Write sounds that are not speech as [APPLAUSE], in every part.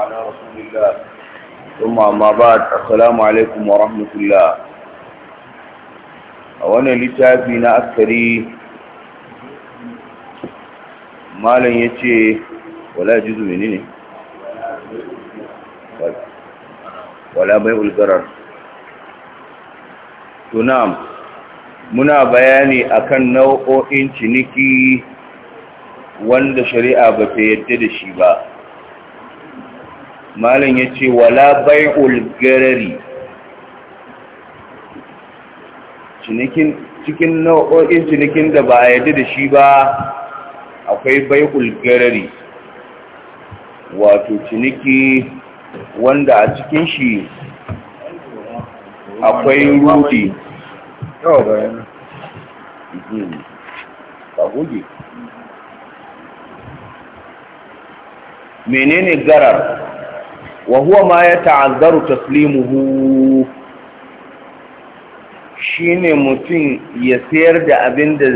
على رسول الله ثم ما بعد السلام عليكم ورحمة الله وانا لتافينا أكثري ما لن يتي ولا جزء منين ولا بيع القرار تنام منا بياني أكن نوء nau'o'in ciniki wanda shari'a ba ta yadda da shi ba malam ya ce wala bai'ul garari cikin nau'o'in cinikin da ba a yadda da shi ba akwai bai'ul garari wato ciniki wanda a cikin shi akwai rudi hmm. menene garar wa huwa ma ya ta'azzaru taslimuhu shine mutum ya sayar da abin da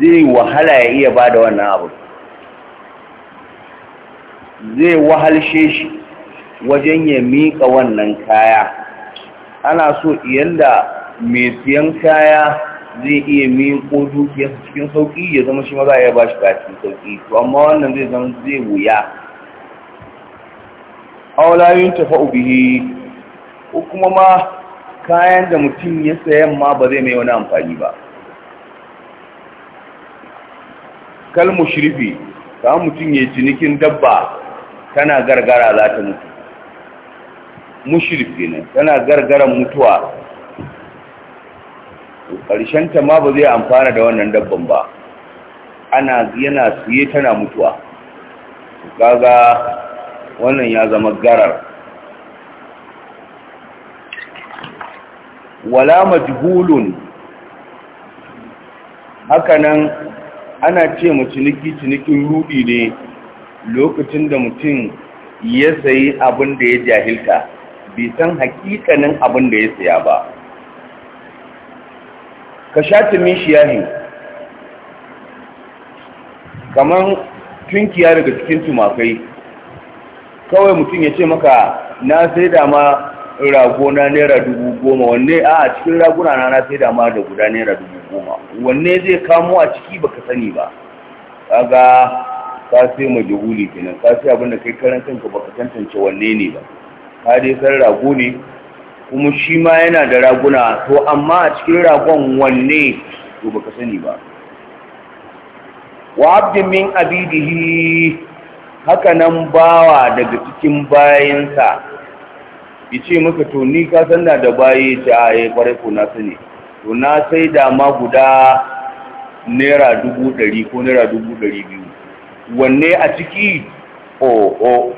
zai wahala ya iya ba wannan abu zai wahalshe shi wajen ya mika wannan kaya ana so yadda mai siyan kaya zai iya miƙo dukiyarsa cikin sauƙi ya zama shi maza ya ba shi cikin sauƙi to amma wannan zai zama zai wuya aulayin tafa ubihi ko kuma ma kayan da mutum ya sayan ma ba zai mai wani amfani ba kalmu shirfi ka mutum ya cinikin dabba tana gargara za ta mutu mushirfi ne tana gargaran mutuwa ta ma ba zai amfana da wannan dabban ba ana yana suye tana mutuwa Gaga. wannan ya zama garar wala majhulun hakanan ana ce mu ciniki cinikin rudi ne lokacin da mutum ya sayi abin da ya jahilta bai san hakikanin abin da ya saya ba ka shati min shiyahi kamar tunkiya daga cikin tumakai kawai mutum ya ce maka na sai da ma rago na naira dubu goma wanne a cikin raguna na sai da ma da guda naira dubu goma wanne zai kamo a ciki baka sani ba kaga ka sai majahuli kenan ka sai abinda kai karan kanka baka tantance wanne ne ba ka dai san rago ne kuma shi ma yana da raguna to amma a cikin ragon wanne to baka sani ba wa abdin min abidihi haka nan bawa daga cikin bayansa ya ce maka toni ni ka san da da baye ce ya kwarai eh, ko na sani to na sai da guda naira dubu dari ko naira dubu dari biyu wanne a ciki oho oh,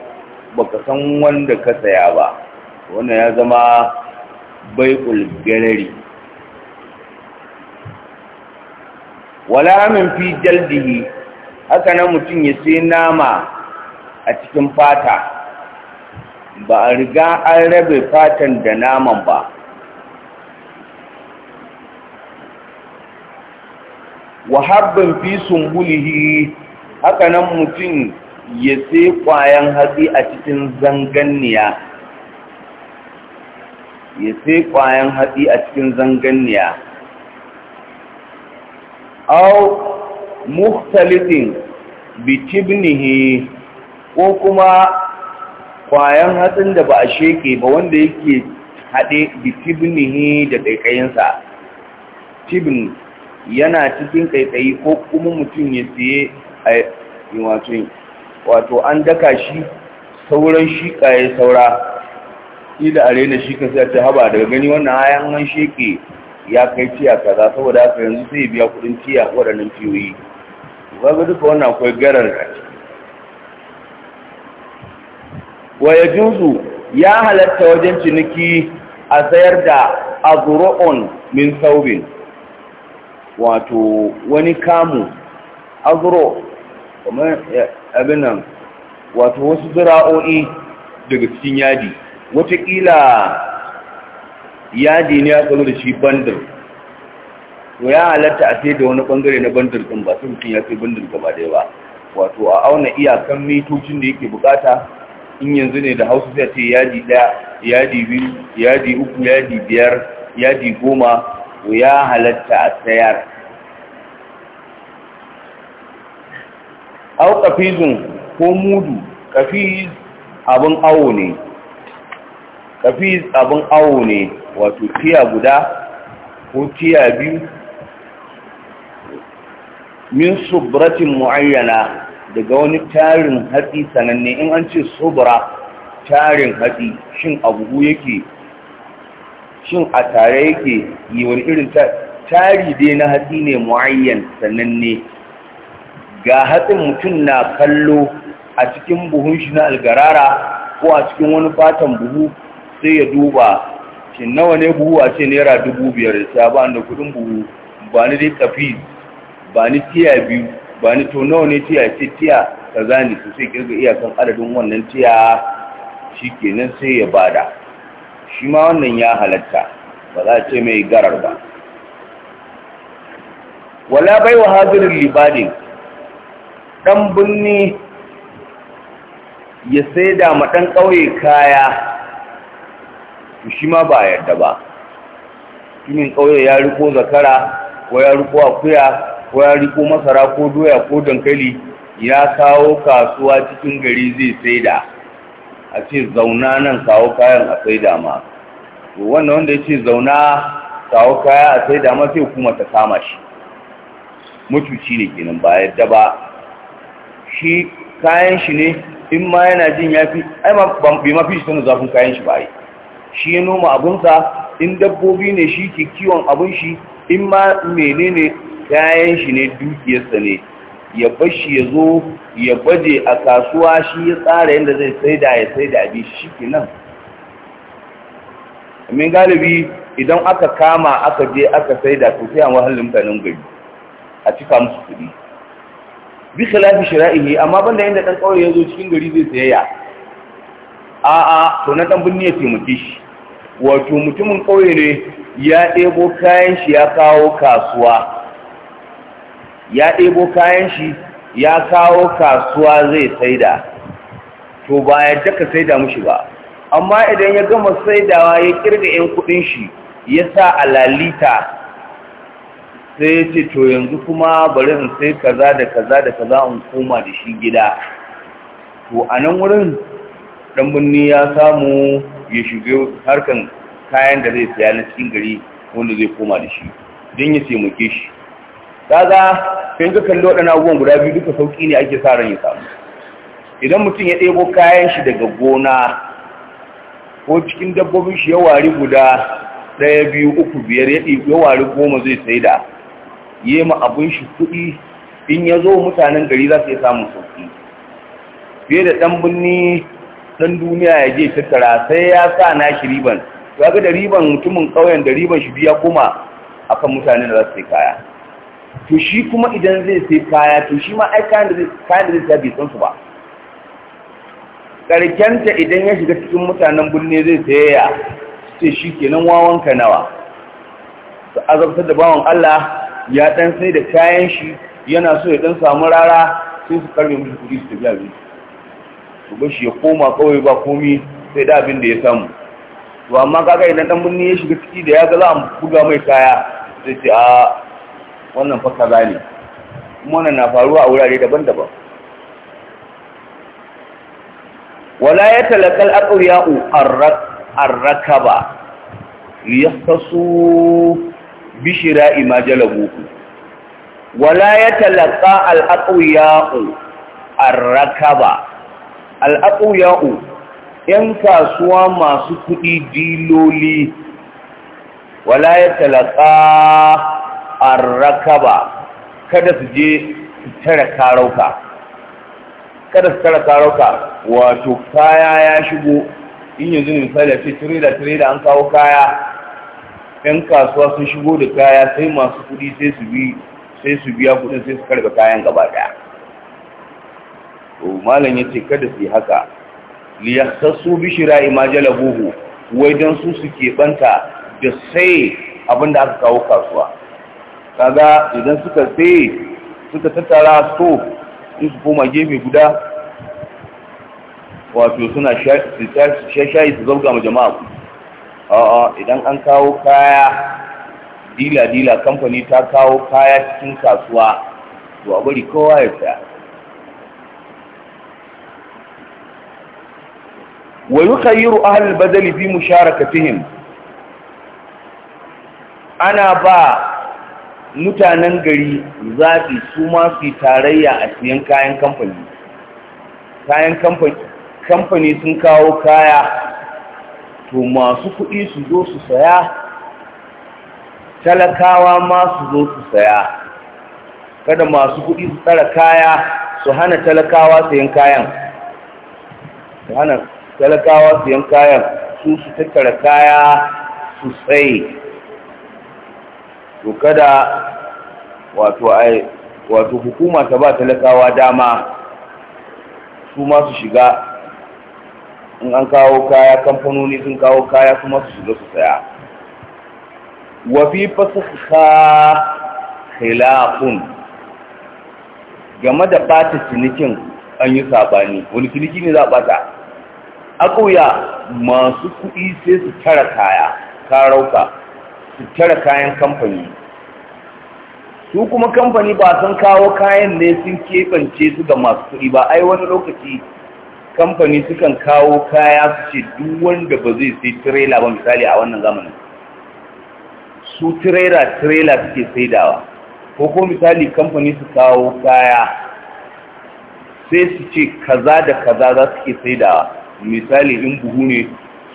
Ba baka san wanda ka saya ba wannan ya zama baikul galari wala min fi jaldihi haka nan mutum ya sai nama a cikin fata ba a riga an rabe fatan da naman ba wahabban fi sumbulihi haka nan mutum ya sai kwayan hatsi a cikin zanganniya ya sai kwayan hatsi a cikin zanganniya au bi bitibnihi ko kuma kwayan hatsin da ba a sheke ba wanda yake haɗe da tibnihi da ƙaiƙayinsa tibin yana cikin ƙaiƙayi ko kuma mutum ya siye a wato an daka shi sauran shiƙa ya saura ila da raina shi ka sai ta haba daga gani wannan hayan an sheke ya kai ciya kaza saboda haka yanzu sai biya kuɗin ciya waɗannan ciyoyi ba duka wannan akwai garar wa ya juzu ya halatta wajen ciniki a sayar da azuru'un min saubin wato wani kamu azuru kuma eh, abinan wato wasu zura'o'i daga cikin yadi watakila yadi ne ya kwallo da shi bandar to ya halatta a sai da wani bangare na bandar din ba sai mutum ya kai bandar gaba daya ba wato a auna iyakan mitocin da yake bukata in yanzu ne da hausa sai ce yadi ɗaya yadi biyu yadi uku yadi biyar yadi goma ya halatta a sayar au kafizun ko mudu kafiz abin awo ne kafiz abin awo ne wato tiya guda ko tiya biyu min subratin mu'ayyana daga wani tarin hatsi sananne in an ce sobara tarin hatsi shin abubu yake shin a tare yake yi wani irin tari dai na hatsi ne muayyan sananne ga hatsin mutum na kallo a cikin buhun shi na algarara ko a cikin wani fatan buhu sai ya duba shi nawa ne buhu a ce naira dubu biyar da ba da kudin buhu ba ni dai kafi ba ni tiya biyu ba ni to nawa ne tiya ce tiya ka zani su sai kirga iyakan adadin wannan tiya shi kenan sai ya bada shi ma wannan ya halatta ba za a ce mai garar ba wala bai wa hadirin libadin ɗan birni ya sai da ɗan ƙauye kaya shi ma ba yarda ba kimin ƙauye ya riko zakara ko ya riko akuya ko ya riko masara ko doya ko dankali ya kawo kasuwa cikin gari zai saida a ce zauna nan kawo kayan a saida ma to wannan wanda ya ce zauna kawo kaya a saida ma sai kuma ta kama shi mutuci ne kenan ba yadda ba shi kayan shi ne in ma yana jin ya fi ai bai mafi shi sanin zafin kayan shi ba yi shi ya noma abunsa in dabbobi ne shi ke kiwon abun shi in ma menene kayan shi ne dukiyarsa ne ya bashi ya zo ya baje a kasuwa shi ya tsara yadda zai saida ya saida abin shi ke nan amin galibi idan aka kama aka je aka saida to sai an wahalin mutanen gari a cika musu kuɗi bi khilafi shira'ihi amma banda yanda dan kauye ya zo cikin gari zai sayayya a a to na dan binne ya taimake shi wato mutumin kauye ne ya ɗebo kayan shi ya kawo kasuwa ya ɗebo kayan shi ya kawo kasuwa zai saida to ba ya ka saida mushi ba amma idan ya gama saidawa ya kirga 'yan kuɗin shi ya sa a lalita sai ya ce to yanzu kuma bari in sai kaza da kaza da kaza in koma da shi gida to a nan wurin ɗan birni ya samu ya shiga harkan kayan da zai saya na cikin gari wanda zai koma da shi don ya taimake shi kaza sai ka kalli waɗannan abubuwan guda biyu duka sauƙi ne ake sa ran ya samu idan mutum ya ɗebo kayan shi daga gona ko cikin dabbobin shi ya wari guda ɗaya biyu uku biyar ya wari goma zai sai da yi ma abin shi kuɗi in ya zo mutanen gari za su yi samun sauƙi fiye da ɗan birni ɗan duniya ya je tattara sai ya sa na shi riban ga da riban mutumin ƙauyen da riban shi biya kuma akan mutanen da za su yi kaya to shi kuma idan zai sai kaya to shi ma ai kayan da zai sai bai ba karkenta idan ya shiga cikin mutanen birni zai sayaya ce shi kenan wawanka nawa su azabtar da bawan Allah ya dan sai da kayan shi yana so ya dan samu rara sai su karbe musu kudi su tafi biyu su ba shi ya koma kawai ba komi sai da abin da ya samu to amma kaga idan dan birni ya shiga ciki da ya ga za a buga mai kaya zai ce a wannan fa kaza ne kuma na faruwa a wurare daban-daban wala ya talakal aqriya'u ar-rakaba yastasu bishira imajalabu wala ya talaka al-aqriya'u ar-rakaba al yan kasuwa masu kudi diloli wala ya talaka arrakaba kada su je su tara karauka kada su tara karauka wato kaya ya shigo in yanzu misali a ce tireda tireda an kawo kaya yan kasuwa sun shigo da kaya sai masu kudi sai su bi sai su biya kudin sai su karba kayan gaba ɗaya. to malam ce kada su yi haka liyasassu bishira shira'i ma jalabuhu wai don su suke ɓanta da sai abinda aka kawo kasuwa kaga idan suka tsaye suka tattara so in su koma gefe guda wato suna shashayi su zauga ma jama'a a'a idan an kawo kaya dila-dila kamfani ta kawo kaya cikin kasuwa to a bari kowa ya saya wa yukhayyiru ahlul badali fi musharakatihim ana ba mutanen gari za su su ma su tarayya a siyan kayan kamfani kayan kamfani sun kawo kaya to masu kuɗi su zo su saya talakawa ma su zo su saya kada masu kuɗi su tsara kaya su hana talakawa sayan kayan su hana talakawa sayan kayan su su tattara kaya su tsaye to kada wato ai wato hukuma ta ba talakawa dama su ma su shiga in an kawo kaya kamfanoni sun kawo kaya kuma su shiga su saya wafi fasakha khilafun game da bata cinikin an yi sabani wani ciniki ne za a bata akuya masu kuɗi sai su tara kaya karauka su tara kayan kamfani su kuma kamfani ba sun kawo kayan ne sun keɓance su ga masu kuɗi ba ai wani lokaci kamfani sukan kawo kaya su ce duk wanda ba zai sai tirela ba misali a wannan zamanin su tirela tirela suke saidawa ko ko misali kamfani su kawo kaya sai su ce kaza da kaza za su ke saidawa misali in buhu ne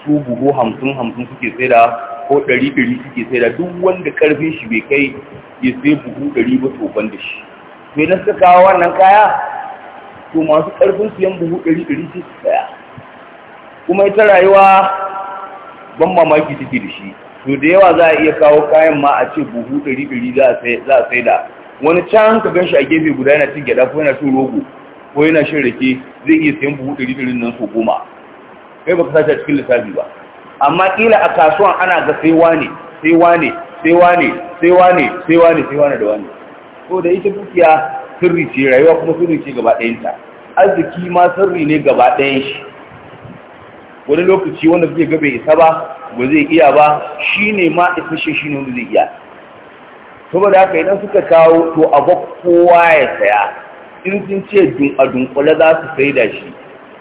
su buhu hamsin hamsin suke saidawa ko ɗari ɗari suke sai da duk wanda ƙarfin shi bai kai ya sai buhu ɗari ba toban da shi sai na suka kawo wannan kaya to masu ƙarfin su yan buhu ɗari ɗari sai su saya kuma ita rayuwa ban mamaki take da shi to da yawa za a iya kawo kayan ma a ce buhu ɗari ɗari za a sai da wani can ka gan shi a gefe guda yana cin gyaɗa ko yana cin rogo ko yana shan rake zai iya sayan buhu ɗari ɗari nan so goma kai baka sace a cikin lissafi ba amma kila a kasuwan ana ga sai wane sai wane sai wane sai wane sai wane sai wane da wane ko da ita dukiya sirri ce rayuwa kuma sirri ce gaba ta arziki ma sirri ne gaba ɗayan shi wani lokaci wanda zai ga bai isa ba ba zai iya ba shine ma isa shi ne wanda zai iya saboda haka idan suka kawo to a ba kowa ya saya in sun ce a dunkule za su sai da shi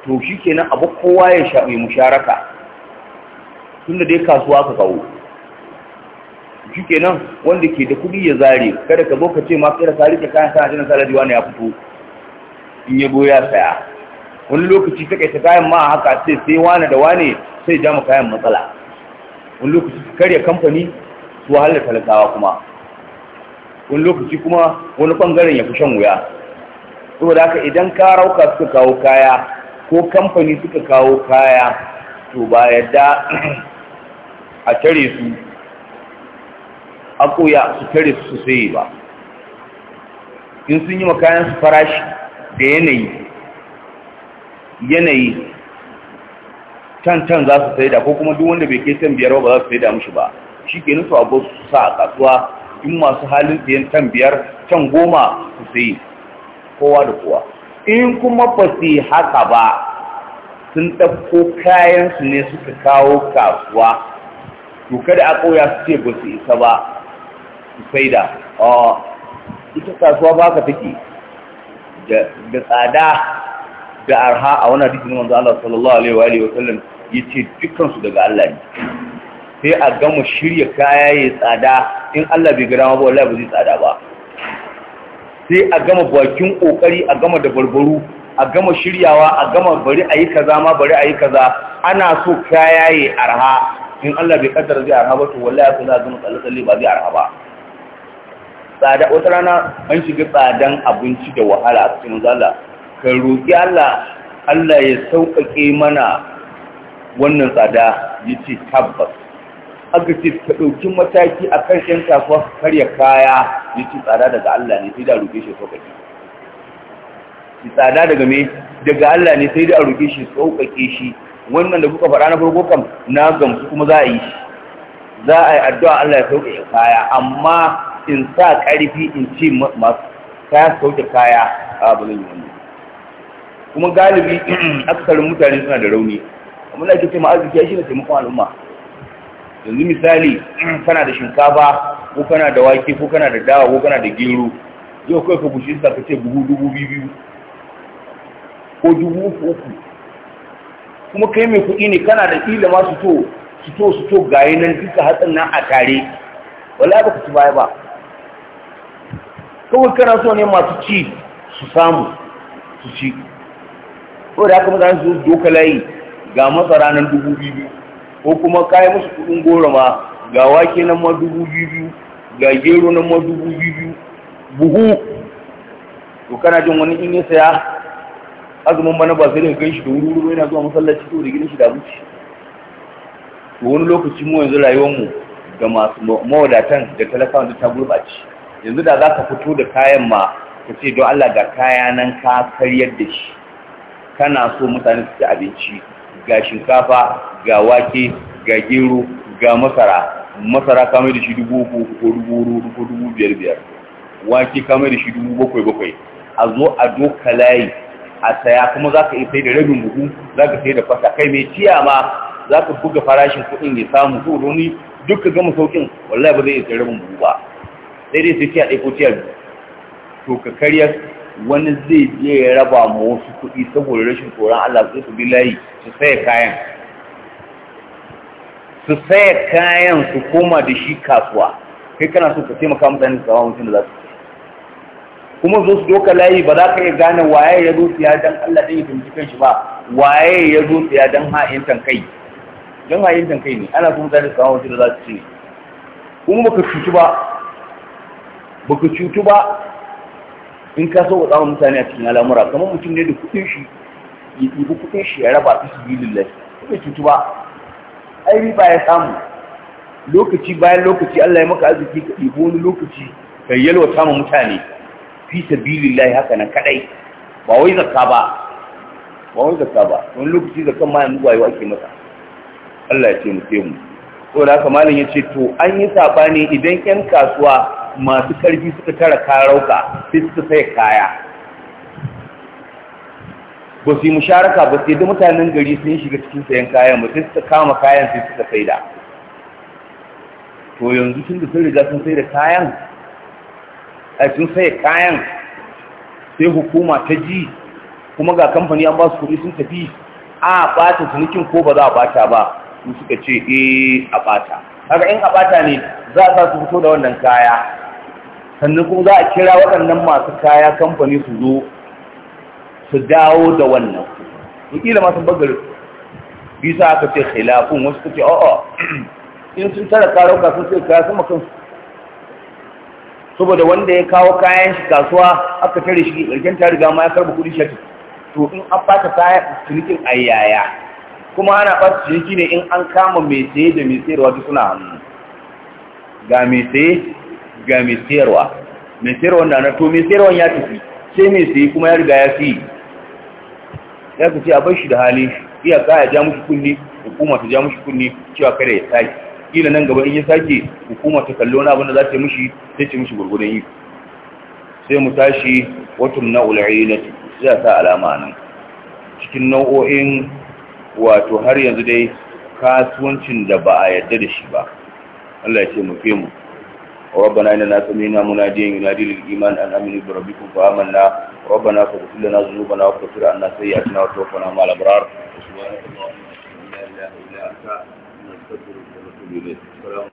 to shi kenan a ba kowa ya sha mai musharaka tunda dai kasuwa ka kawo shi nan, wanda ke da kuɗi ya zare kada ka zo ka ce ma kira ka kayan sana'a jiran salari wani ya fito in ya goya saya wani lokaci ta kai ta kayan ma haka sai sai wani da wani sai ja kayan matsala wani lokaci su karya kamfani su wahalar talakawa kuma wani lokaci kuma wani bangaren ya fi shan wuya saboda haka idan ka rauka suka kawo kaya ko kamfani suka kawo kaya to ba yadda a tare su koya su tare su sai ba in sun yi wa kayan su farashi da yanayi yanayi can can za su sai da ko kuma duk wanda bai kai can biyar ba za su sai da mushi ba shi ke nufi abu su sa a kasuwa in masu halin siyan can biyar can goma su sai kowa da kowa in kuma ba su haka ba sun ɗauko kayansu ne suka kawo kasuwa to kada a koya su ce ba su isa ba su saida a ita kasuwa ba ka take da tsada da arha a wani hadisin wanzu Allah sallallahu alaihi wa alihi wa sallam yace dukkan su daga Allah ne sai a gama shirya kaya ya tsada in Allah bai gara ma ba wallahi ba zai tsada ba sai a gama bakin kokari a gama da barbaru a gama shiryawa a gama bari a yi kaza ma bari a yi kaza ana so kaya ya arha in Allah bai kaddara zai arha ba to wallahi ko za zama tsalle tsalle ba zai arha ba tsada wata rana an shiga tsadan abinci da wahala a cikin zalla ka roki Allah Allah ya sauƙaƙe mana wannan tsada yace tabbas aka ce ka ɗauki mataki a kan ƴan kasuwa karya kaya ya ce tsada daga Allah ne sai da roƙe shi sauƙaƙe tsada daga me daga Allah ne sai da roƙe shi sauƙaƙe shi wannan da kuka faɗa na farko kam na gamsu kuma za a yi za a yi addu'a Allah ya sauke kaya amma in sa ƙarfi in ci masu kaya sauke kaya a ba yi wani kuma galibi [CLEARS THROAT] akasarin mutane suna da rauni amma da ake taimaka arziki shi ne taimakon al'umma yanzu misali [CLEARS THROAT] kana da shinkafa ko kana da wake ko kana da dawa ko kana da gero yau kawai ka gushi sa ka ce buhu dubu biyu ko dubu uku kuma kai mai kuɗi ne kana da ƙila ma su to su to su to gaye nan duka hatsin nan a tare wala ba ku ci baya ba kawai kana so ne masu ci su samu su ci ko da haka mutane su doka layi ga masara nan dubu biyu ko kuma kayan musu kuɗin goro ma ga wake nan ma dubu biyu ga gero nan ma dubu biyu buhu to kana jin wani in ya saya azumin bana ba sai da kai shi da wuri wuri yana zuwa masallaci to da gidan shi da abinci to wani lokaci mu yanzu rayuwar mu ga masu mawadatan da talaka da ta gurbace yanzu da za ka fito da kayan ma ka ce don Allah ga kaya nan ka karyar da shi kana so mutane su ci abinci ga shinkafa ga wake ga gero ga masara masara kamar da shi dubu uku ko dubu ko dubu biyar biyar wake kamar da shi dubu bakwai bakwai a zo a doka layi a saya kuma za ka iya sai da rabin buhu za ka sai da fata kai mai ciya ma za ka buga farashin kuɗin ya samu ko wani duk ka gama saukin wallahi ba zai iya sai rabin buhu ba sai dai sai ciya ɗai ko ciya biyu to ka karya wani zai je ya raba ma wasu kuɗi saboda rashin tsoron Allah su su bilayi su saya kayan su saya kayan su koma da shi kasuwa kai kana so ka taimaka mutane su kawo mutum da za su kuma zo su doka layi ba za ka iya gane waye ya zo siya dan Allah din ya tunji shi ba waye ya zo siya dan ha'intan kai dan ha'intan kai ne ana kuma gane kawo shi da za su ce kuma baka cutu ba baka cutu ba in ka so ka tsawon mutane a cikin al'amura kamar mutum ne da kuɗin shi ya ɗibi kuɗin shi ya raba ta su biyu lillahi kuka cutu ba ai riba ya samu lokaci bayan lokaci Allah ya maka arziki ka ɗibi wani lokaci ka yalwata ma mutane fi sabilillahi haka nan kadai ba wai zakka ba ba wai zakka ba wani lokaci zakkan ma yanzu wayewa ake masa Allah ya ce mu ce mu to da haka malam yace to an yi sabani idan 'yan kasuwa masu karfi suka tara karauka sai suka sai kaya ba su yi musharaka ba sai da mutanen gari sun shiga cikin sayan kayan ba sai suka kama kayan sai suka saida to yanzu tun da sun riga sun saida kayan a sun sai kayan sai hukuma ta ji kuma ga kamfani an ba su kuɗi sun tafi a bata cinikin ko ba za a bata ba su suka ce eh a bata haka in a bata ne za a sa su fito da wannan kaya sannan kuma za a kira waɗannan masu kaya kamfani su zo su dawo da wannan wakila masu bagar bisa aka ce khilafin wasu suka ce a'a in sun tara karauka sun sai kaya sun makan saboda wanda ya kawo kayan shi kasuwa aka tare shi ɗarken ta riga ma ya karɓi kuɗi shafi to in an fata kaya cinikin a yaya kuma ana fata ciniki ne in an kama mai saye da mai sayarwa duk suna hannu ga mai saye ga mai sayarwa mai sayarwa na na to mai sayarwa ya tafi sai mai saye kuma ya riga ya fi. ya ka ce a bar shi da hali iyaka ya ja mushi kunni hukuma ta ja mushi kunni cewa kada ya sake kila nan gaba in ya sake hukuma ta kallo na abinda za ta yi mushi sai ce mishi gurgurin yi sai mu tashi watum na ula'ina sai ta alama nan cikin nau'o'in wato har yanzu dai kasuwancin da ba a yarda da shi ba Allah ya ce mu fi mu ربنا إننا سمعنا مناديا ينادي للإيمان أن آمنوا بربكم فآمنا ربنا فاغفر لنا ذنوبنا واغفر عنا سيئاتنا وتوفنا مع الأبرار سبحانك اللهم لا إله إلا أنت نستغفرك Voilà.